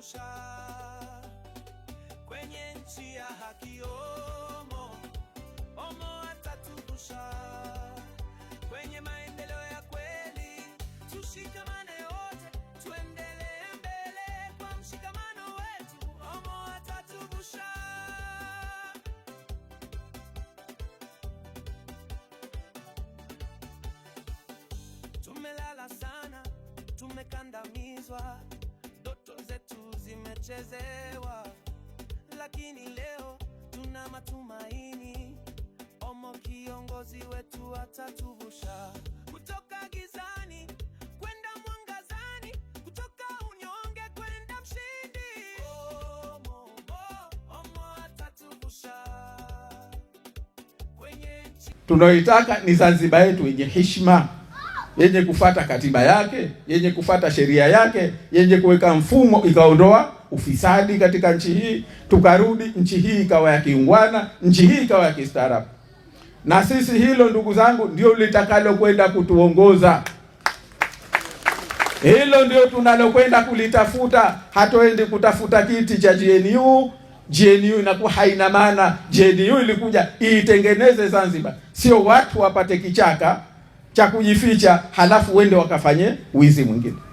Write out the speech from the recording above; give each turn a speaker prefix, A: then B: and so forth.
A: kukanusha kwenye nchi ya haki omo omo atatukusha kwenye maendeleo ya kweli tushikamane wote tuendelee mbele kwa mshikamano wetu omo atatuvusha tumelala sana tumekandamizwa ndoto zetu zimechezewa, lakini leo tuna matumaini. Omo kiongozi wetu atatuvusha kutoka gizani kwenda mwangazani, kutoka unyonge kwenda mshindi. Omo, oh, Omo atatuvusha kwenye nchi tunayoitaka. Ni Zanzibar yetu yenye heshima yenye kufata katiba yake, yenye kufata sheria yake, yenye kuweka mfumo, ikaondoa ufisadi katika nchi hii, tukarudi nchi hii ikawa ya kiungwana, nchi hii ikawa ya kistaarabu. Na sisi hilo, ndugu zangu, ndio litakalo kwenda kutuongoza. Hilo ndio tunalokwenda kulitafuta. Hatoendi kutafuta kiti cha GNU. GNU inakuwa haina maana. GNU ilikuja iitengeneze Zanzibar, sio watu wapate kichaka cha kujificha, halafu wende wakafanye wizi mwingine.